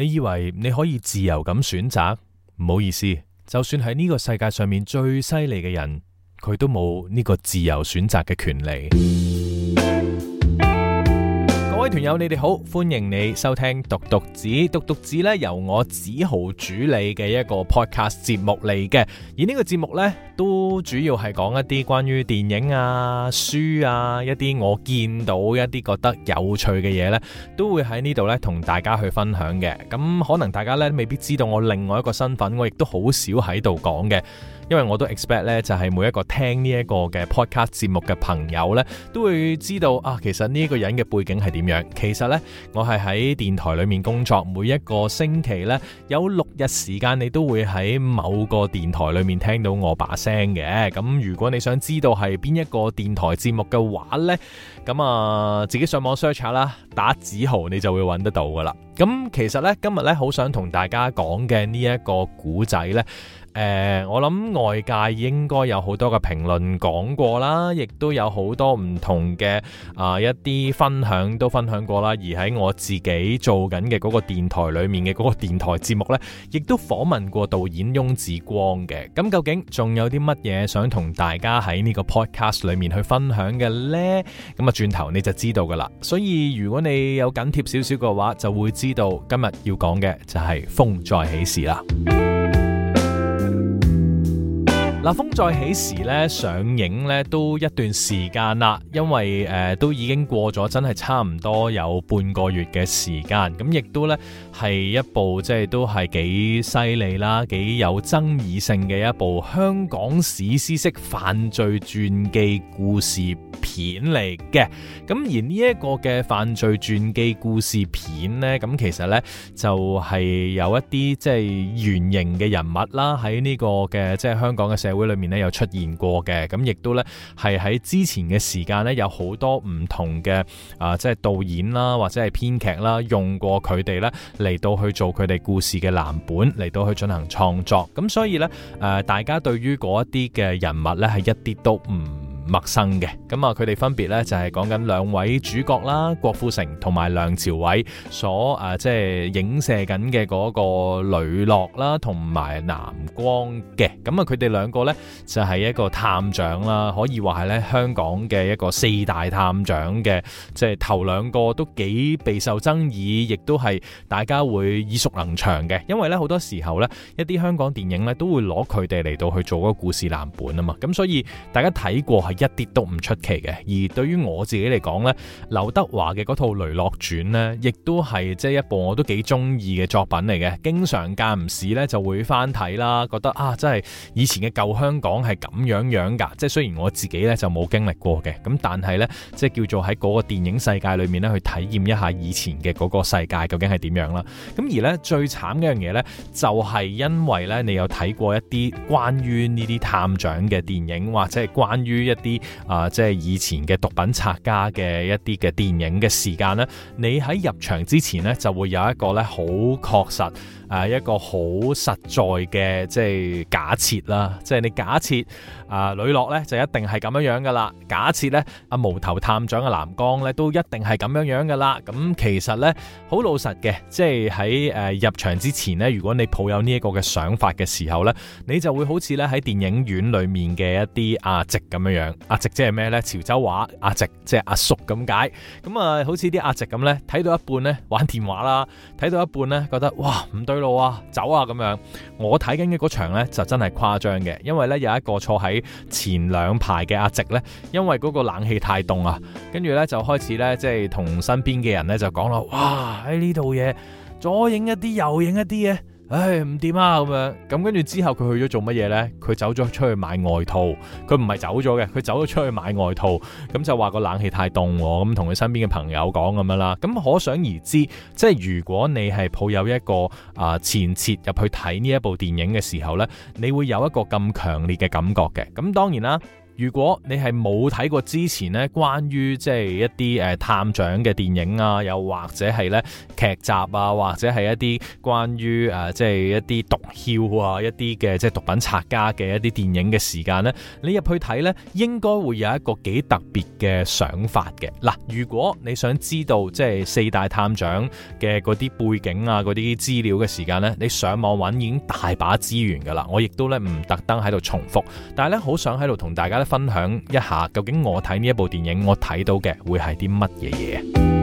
你以為你可以自由咁選擇？唔好意思，就算係呢個世界上面最犀利嘅人，佢都冇呢個自由選擇嘅權利。團友你哋好，歡迎你收聽獨讀子，獨讀子咧，由我梓豪主理嘅一個 podcast 節目嚟嘅，而呢個節目咧都主要係講一啲關於電影啊、書啊一啲我見到一啲覺得有趣嘅嘢咧，都會喺呢度咧同大家去分享嘅。咁可能大家咧未必知道我另外一個身份，我亦都好少喺度講嘅。因為我都 expect 咧，就係每一個聽呢一個嘅 podcast 節目嘅朋友呢，都會知道啊，其實呢一個人嘅背景係點樣。其實呢，我係喺電台裡面工作，每一個星期呢，有六日時間，你都會喺某個電台裡面聽到我把聲嘅。咁如果你想知道係邊一個電台節目嘅話呢？咁啊、嗯，自己上網 search 啦，打梓豪你就會揾得到噶啦。咁、嗯、其實呢，今日呢好想同大家講嘅呢一個古仔呢，誒、呃，我諗外界應該有好多嘅評論講過啦，亦都有好多唔同嘅啊、呃、一啲分享都分享過啦。而喺我自己做緊嘅嗰個電台裡面嘅嗰個電台節目呢，亦都訪問過導演翁子光嘅。咁、嗯、究竟仲有啲乜嘢想同大家喺呢個 podcast 裡面去分享嘅呢？咁、嗯轉頭你就知道㗎喇，所以如果你有緊貼少少嘅話，就會知道今日要講嘅就係風再起時啦。嗱，風再起時咧上映咧都一段時間啦，因為誒、呃、都已經過咗真係差唔多有半個月嘅時間，咁亦都咧係一部即係、就是，都係幾犀利啦，幾有爭議性嘅一部香港史詩式犯罪傳記故事片嚟嘅。咁而呢一個嘅犯罪傳記故事片咧，咁其實咧就係有一啲即係原型嘅人物啦，這個，喺呢個嘅即係香港嘅社會裏面咧有出現過嘅，咁亦都咧係喺之前嘅時間咧有好多唔同嘅啊、呃，即係導演啦或者係編劇啦用過佢哋咧嚟到去做佢哋故事嘅藍本嚟到去進行創作，咁所以呢，誒、呃，大家對於嗰一啲嘅人物呢，係一啲都唔。陌生嘅，咁啊，佢哋分別咧就係講緊兩位主角啦，郭富城同埋梁朝偉所誒即係影射緊嘅嗰個雷洛啦，同埋南光嘅。咁啊，佢哋兩個咧就係一個探長啦，可以話係咧香港嘅一個四大探長嘅，即係頭兩個都幾備受爭議，亦都係大家會耳熟能詳嘅。因為咧好多時候咧，一啲香港電影咧都會攞佢哋嚟到去做個故事藍本啊嘛。咁所以大家睇過。係。一啲都唔出奇嘅，而對於我自己嚟講咧，劉德華嘅嗰套《雷洛傳》咧，亦都係即係一部我都幾中意嘅作品嚟嘅。經常間唔時咧就會翻睇啦，覺得啊，真係以前嘅舊香港係咁樣樣噶，即係雖然我自己咧就冇經歷過嘅，咁但係咧即係叫做喺嗰個電影世界裏面咧去體驗一下以前嘅嗰個世界究竟係點樣啦。咁而咧最慘一樣嘢咧，就係因為咧你有睇過一啲關於呢啲探長嘅電影，或者係關於一啲啊，即係以前嘅毒品拆家嘅一啲嘅電影嘅時間咧，你喺入場之前咧就會有一個咧好確實啊一個好實在嘅即係假設啦，即係你假設啊呂樂咧就一定係咁樣樣噶啦，假設咧阿無頭探長嘅藍光咧都一定係咁樣樣噶啦。咁其實咧好老實嘅，即係喺誒入場之前咧，如果你抱有呢一個嘅想法嘅時候咧，你就會好似咧喺電影院裏面嘅一啲阿、啊、席咁樣樣。阿直即係咩呢？潮州話阿直即係阿叔咁解。咁啊，好似啲阿直咁呢，睇到一半呢，玩電話啦，睇到一半呢，覺得哇唔對路啊，走啊咁樣。我睇緊嘅嗰場呢，就真係誇張嘅，因為呢，有一個坐喺前兩排嘅阿直呢，因為嗰個冷氣太凍啊，跟住呢，就開始呢，即係同身邊嘅人呢，就講啦，哇喺呢度嘢左影一啲，右影一啲嘅。唉，唔掂啊咁樣，咁跟住之後佢去咗做乜嘢呢？佢走咗出去買外套，佢唔係走咗嘅，佢走咗出去買外套，咁就話個冷氣太凍，咁同佢身邊嘅朋友講咁樣啦。咁可想而知，即係如果你係抱有一個啊、呃、前設入去睇呢一部電影嘅時候呢，你會有一個咁強烈嘅感覺嘅。咁當然啦。如果你係冇睇過之前呢，關於即係一啲誒探長嘅電影啊，又或者係咧劇集啊，或者係一啲關於誒、啊、即係一啲毒梟啊，一啲嘅即係毒品拆家嘅一啲電影嘅時間呢，你入去睇呢應該會有一個幾特別嘅想法嘅。嗱，如果你想知道即係四大探長嘅嗰啲背景啊、嗰啲資料嘅時間呢，你上網揾已經大把資源㗎喇，我亦都呢唔特登喺度重複，但係呢好想喺度同大家分享一下，究竟我睇呢一部電影，我睇到嘅會係啲乜嘢嘢？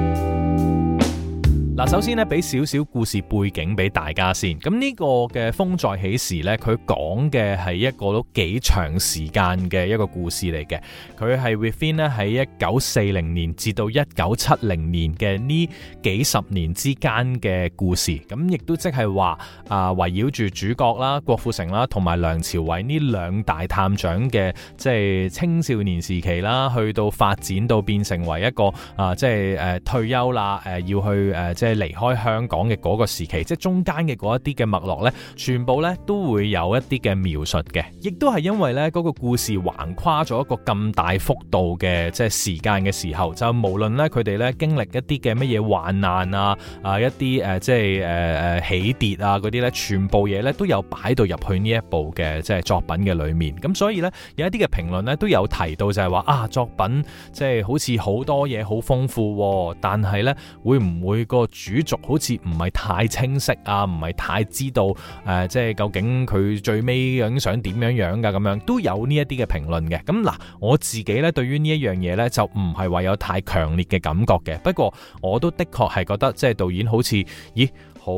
嗱，首先咧，俾少少故事背景俾大家先。咁呢、這個嘅《風再起時》咧，佢講嘅係一個都幾長時間嘅一個故事嚟嘅。佢係 Within 咧喺一九四零年至到一九七零年嘅呢幾十年之間嘅故事。咁亦都即係話啊，圍繞住主角啦，郭富城啦，同埋梁朝偉呢兩大探長嘅即係青少年時期啦，去到發展到變成為一個啊，即係誒退休啦，誒、呃、要去誒、呃、即係。即係離開香港嘅嗰個時期，即係中間嘅嗰一啲嘅脈絡呢，全部呢都會有一啲嘅描述嘅，亦都係因為呢嗰個故事橫跨咗一個咁大幅度嘅即係時間嘅時候，就無論呢，佢哋呢經歷一啲嘅乜嘢患難啊，啊一啲誒、呃、即係誒誒起跌啊嗰啲呢，全部嘢呢都有擺到入去呢一部嘅即係作品嘅裡面。咁所以呢，有一啲嘅評論呢都有提到就，就係話啊作品即係好似好多嘢好豐富，啊，但係呢會唔會個主軸好似唔係太清晰啊，唔係太知道，誒、呃，即係究竟佢最尾咁想點樣樣噶咁樣，都有呢一啲嘅評論嘅。咁嗱，我自己呢，對於呢一樣嘢呢，就唔係話有太強烈嘅感覺嘅，不過我都的確係覺得即係導演好似咦。好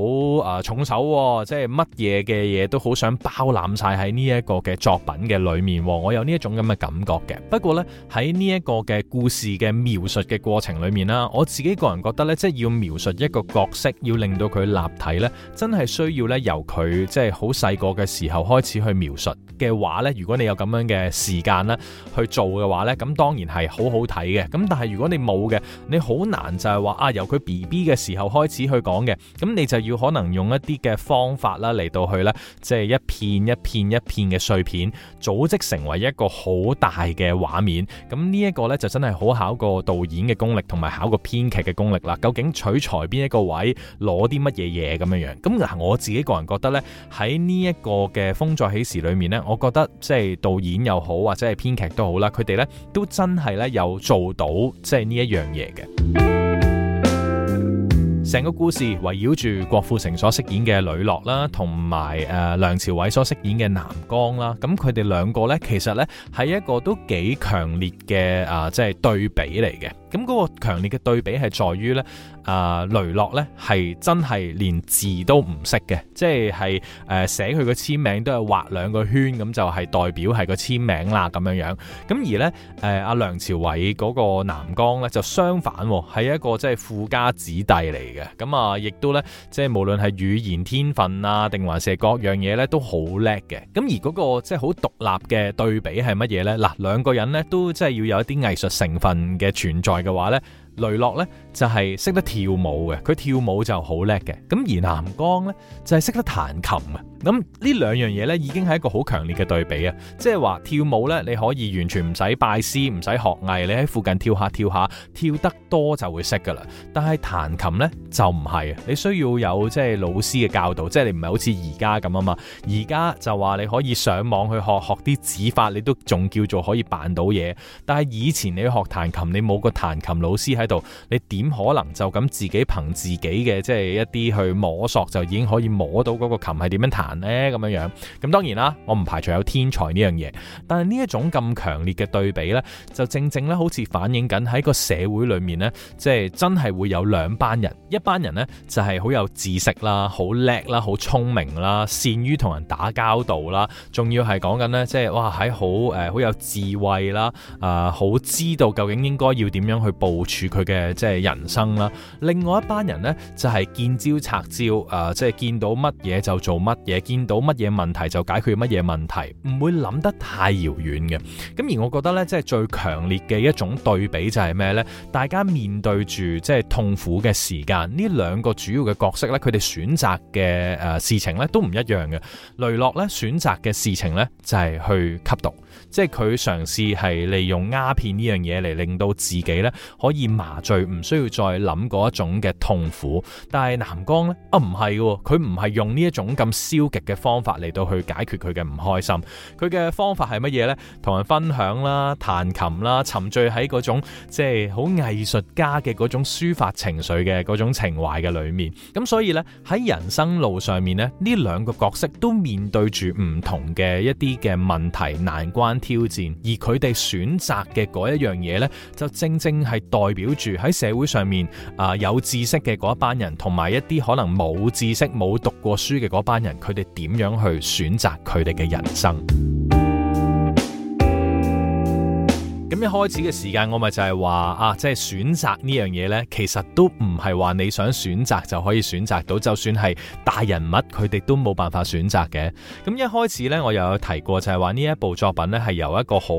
啊，呃，重手，哦，即係乜嘢嘅嘢都好想包攬晒喺呢一個嘅作品嘅裏面，哦，我有呢一種咁嘅感覺嘅。不過咧，喺呢一個嘅故事嘅描述嘅過程裏面啦，我自己個人覺得咧，即係要描述一個角色，要令到佢立體咧，真係需要咧由佢即係好細個嘅時候開始去描述嘅話咧。如果你有咁樣嘅時間啦去做嘅話咧，咁當然係好好睇嘅。咁但係如果你冇嘅，你好難就係話啊由佢 B B 嘅時候開始去講嘅，咁你就要可能用一啲嘅方法啦，嚟到去咧，即係一片一片一片嘅碎片，組織成為一個好大嘅畫面。咁呢一個咧就真係好考個導演嘅功力，同埋考個編劇嘅功力啦。究竟取材邊一個位，攞啲乜嘢嘢咁樣樣。咁嗱，我自己個人覺得咧，喺呢一個嘅《風再起時》裏面咧，我覺得即係導演又好，或者係編劇都好啦，佢哋咧都真係咧有做到即係呢一樣嘢嘅。成個故事圍繞住郭富城所飾演嘅磊樂啦，同埋誒梁朝偉所飾演嘅南江啦。咁佢哋兩個咧，其實咧係一個都幾強烈嘅啊，即係對比嚟嘅。咁嗰個強烈嘅對比係在於咧，啊磊樂咧係真係連字都唔識嘅，即係係誒寫佢個簽名都係畫兩個圈，咁就係、是、代表係個簽名啦咁樣樣。咁而咧誒阿梁朝偉嗰個南江咧就相反，係一個即係富家子弟嚟嘅。咁啊，亦都咧，即係無論係語言天分啊，定還是各樣嘢咧，都好叻嘅。咁而嗰個即係好獨立嘅對比係乜嘢咧？嗱，兩個人咧都即係要有一啲藝術成分嘅存在嘅話咧，雷諾咧就係識得跳舞嘅，佢跳舞就好叻嘅。咁而南江咧就係識得彈琴嘅。咁呢兩樣嘢咧，已經係一個好強烈嘅對比啊！即係話跳舞咧，你可以完全唔使拜師，唔使學藝，你喺附近跳下跳下，跳得多就會識噶啦。但係彈琴咧就唔係啊，你需要有即係老師嘅教導，即係你唔係好似而家咁啊嘛。而家就話你可以上網去學學啲指法，你都仲叫做可以扮到嘢。但係以前你學彈琴，你冇個彈琴老師喺度，你點可能就咁自己憑自己嘅，即係一啲去摸索，就已經可以摸到嗰個琴係點樣彈？咧咁樣樣，咁、嗯、當然啦，我唔排除有天才呢樣嘢，但係呢一種咁強烈嘅對比呢，就正正咧好似反映緊喺個社會裏面呢即係、就是、真係會有兩班人，一班人呢，就係、是、好有知識啦，好叻啦，好聰明啦，善於同人打交道啦，仲要係講緊呢，即係哇喺好誒好有智慧啦，啊、呃、好知道究竟應該要點樣去部署佢嘅即係人生啦，另外一班人呢，就係、是、見招拆招，啊即係見到乜嘢就做乜嘢。見到乜嘢問題就解決乜嘢問題，唔會諗得太遙遠嘅。咁而我覺得咧，即係最強烈嘅一種對比就係咩呢？大家面對住即係痛苦嘅時間，呢兩個主要嘅角色咧，佢哋選擇嘅誒事情咧都唔一樣嘅。雷洛咧選擇嘅事情呢就係去吸毒。即係佢嘗試係利用鴉片呢樣嘢嚟令到自己呢可以麻醉，唔需要再諗嗰一種嘅痛苦。但係南江呢，啊，唔係喎，佢唔係用呢一種咁消極嘅方法嚟到去解決佢嘅唔開心。佢嘅方法係乜嘢呢？同人分享啦，彈琴啦，沉醉喺嗰種即係好藝術家嘅嗰種抒發情緒嘅嗰種情懷嘅裡面。咁所以呢，喺人生路上面呢，呢兩個角色都面對住唔同嘅一啲嘅問題難關、挑戰，而佢哋選擇嘅嗰一樣嘢呢，就正正係代表住喺社會上面啊、呃、有知識嘅嗰一班人，同埋一啲可能冇知識、冇讀過書嘅嗰班人，佢哋點樣去選擇佢哋嘅人生。咁一開始嘅時間，我咪就係話啊，即係選擇呢樣嘢呢，其實都唔係話你想選擇就可以選擇到，就算係大人物，佢哋都冇辦法選擇嘅。咁一開始呢，我又有提過就，就係話呢一部作品呢，係由一個好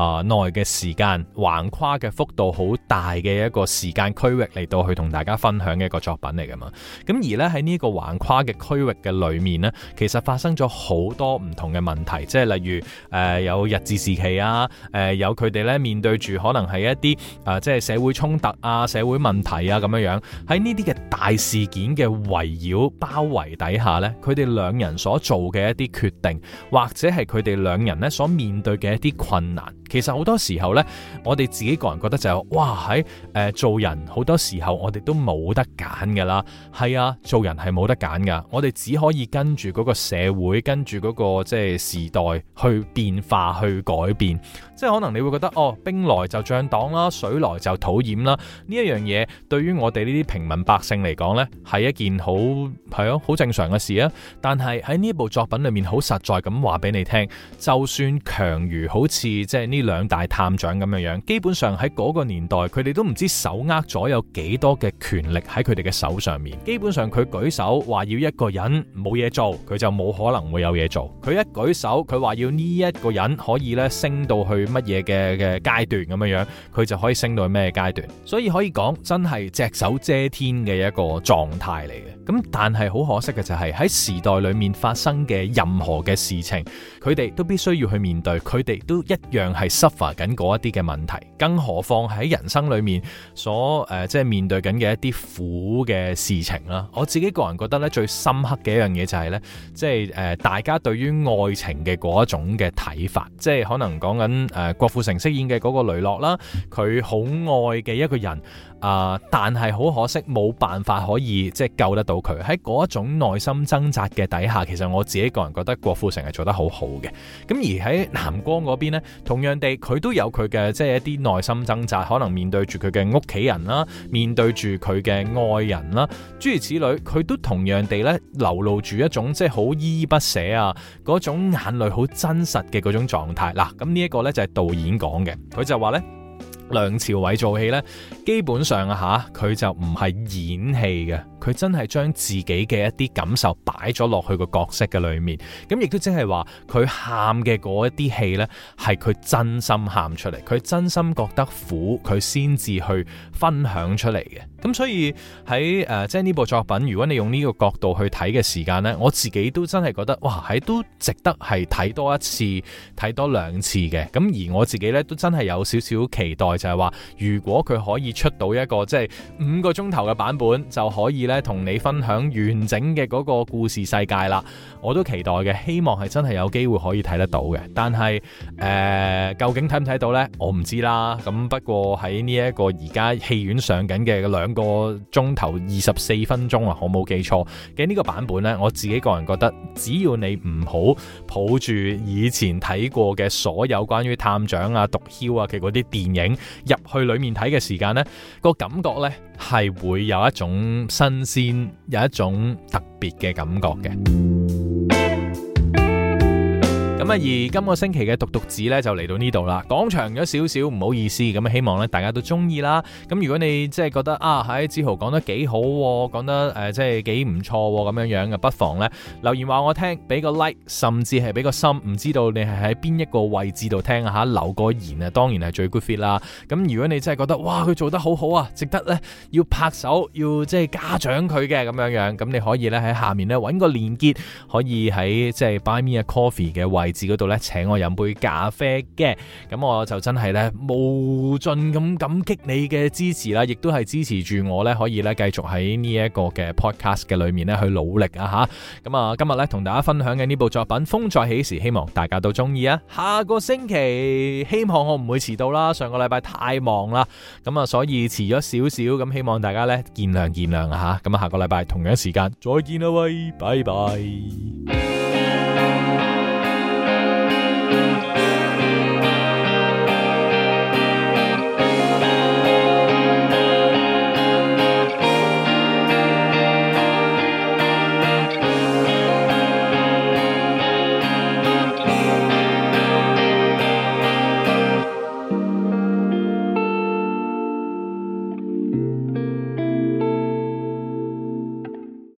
啊、呃、耐嘅時間、橫跨嘅幅度好大嘅一個時間區域嚟到去同大家分享嘅一個作品嚟㗎嘛。咁而呢，喺呢個橫跨嘅區域嘅裏面呢，其實發生咗好多唔同嘅問題，即係例如誒、呃、有日治時期啊，誒、呃、有佢哋呢面對住可能係一啲啊、呃，即係社會衝突啊、社會問題啊咁樣樣，喺呢啲嘅大事件嘅圍繞包圍底下呢，佢哋兩人所做嘅一啲決定，或者係佢哋兩人呢所面對嘅一啲困難，其實好多時候呢，我哋自己個人覺得就係、是、哇喺誒、哎呃、做人好多時候我哋都冇得揀㗎啦，係啊，做人係冇得揀㗎，我哋只可以跟住嗰個社會，跟住嗰、那個即係時代去變化去改變，即係可能你會覺得。哦，兵來就將擋啦，水來就土掩啦。呢一樣嘢對於我哋呢啲平民百姓嚟講呢係一件好係啊，好正常嘅事啊。但係喺呢部作品裏面，好實在咁話俾你聽，就算強如好似即係呢兩大探長咁樣樣，基本上喺嗰個年代，佢哋都唔知手握咗有幾多嘅權力喺佢哋嘅手上面。基本上佢舉手話要一個人冇嘢做，佢就冇可能會有嘢做。佢一舉手，佢話要呢一個人可以咧升到去乜嘢嘅嘅階段咁樣樣，佢就可以升到去咩階段？所以可以講真係隻手遮天嘅一個狀態嚟嘅。咁但係好可惜嘅就係喺時代裏面發生嘅任何嘅事情，佢哋都必須要去面對，佢哋都一樣係 suffer 緊嗰一啲嘅問題。更何況喺人生裏面所誒即係面對緊嘅一啲苦嘅事情啦。我自己個人覺得咧最深刻嘅一樣嘢就係咧，即係誒大家對於愛情嘅嗰一種嘅睇法，即係可能講緊誒郭富城。飾演嘅嗰個雷諾啦，佢好愛嘅一個人。啊、呃！但係好可惜，冇辦法可以即係救得到佢。喺嗰一種內心掙扎嘅底下，其實我自己個人覺得郭富城係做得好好嘅。咁而喺南光嗰邊呢，同樣地佢都有佢嘅即係一啲內心掙扎，可能面對住佢嘅屋企人啦，面對住佢嘅愛人啦，諸如此類，佢都同樣地呢流露住一種即係好依依不捨啊，嗰種眼淚好真實嘅嗰種狀態。嗱，咁呢一個呢，就係、是、導演講嘅，佢就話呢。梁朝偉做戲咧，基本上吓，啊，佢就唔係演戲嘅，佢真係將自己嘅一啲感受擺咗落去個角色嘅裏面。咁亦都即係話，佢喊嘅嗰一啲戲咧，係佢真心喊出嚟，佢真心覺得苦，佢先至去分享出嚟嘅。咁所以喺誒、呃，即係呢部作品，如果你用呢個角度去睇嘅時間咧，我自己都真係覺得哇，喺都值得係睇多一次、睇多兩次嘅。咁而我自己咧都真係有少少期待。就係話，如果佢可以出到一個即係五個鐘頭嘅版本，就可以咧同你分享完整嘅嗰個故事世界啦。我都期待嘅，希望係真係有機會可以睇得到嘅。但係誒、呃，究竟睇唔睇到呢？我唔知啦。咁不過喺呢一個而家戲院上緊嘅兩個鐘頭二十四分鐘啊，我冇記錯嘅呢個版本呢，我自己個人覺得，只要你唔好抱住以前睇過嘅所有關於探長啊、毒梟啊嘅嗰啲電影。入去裏面睇嘅時間呢，個感覺呢係會有一種新鮮，有一種特別嘅感覺嘅。咁啊，而今個星期嘅獨讀子咧就嚟到呢度啦，講長咗少少，唔好意思。咁希望咧大家都中意啦。咁如果你即係覺得啊，喺、哎、梓豪講得幾好，啊，講得誒、呃、即係幾唔錯咁樣樣嘅，不妨咧留言話我聽俾個 like，甚至係俾個心。唔知道你係喺邊一個位置度聽吓，留個言啊，當然係最 good fit 啦。咁如果你真係覺得哇，佢做得好好啊，值得咧要拍手，要即係嘉獎佢嘅咁樣樣，咁你可以咧喺下面咧揾個連結，可以喺即係、就是、Buy Me a Coffee 嘅位置。度咧，請我飲杯咖啡嘅，咁我就真係咧無盡咁感激你嘅支持啦，亦都係支持住我咧可以咧繼續喺呢一個嘅 podcast 嘅裏面咧去努力啊吓，咁啊今日咧同大家分享嘅呢部作品《風再起時》，希望大家都中意啊！下個星期希望我唔會遲到啦，上個禮拜太忙啦，咁啊所以遲咗少少，咁希望大家咧見諒見諒啊吓，咁啊下個禮拜同樣時間再見啦，喂，拜拜。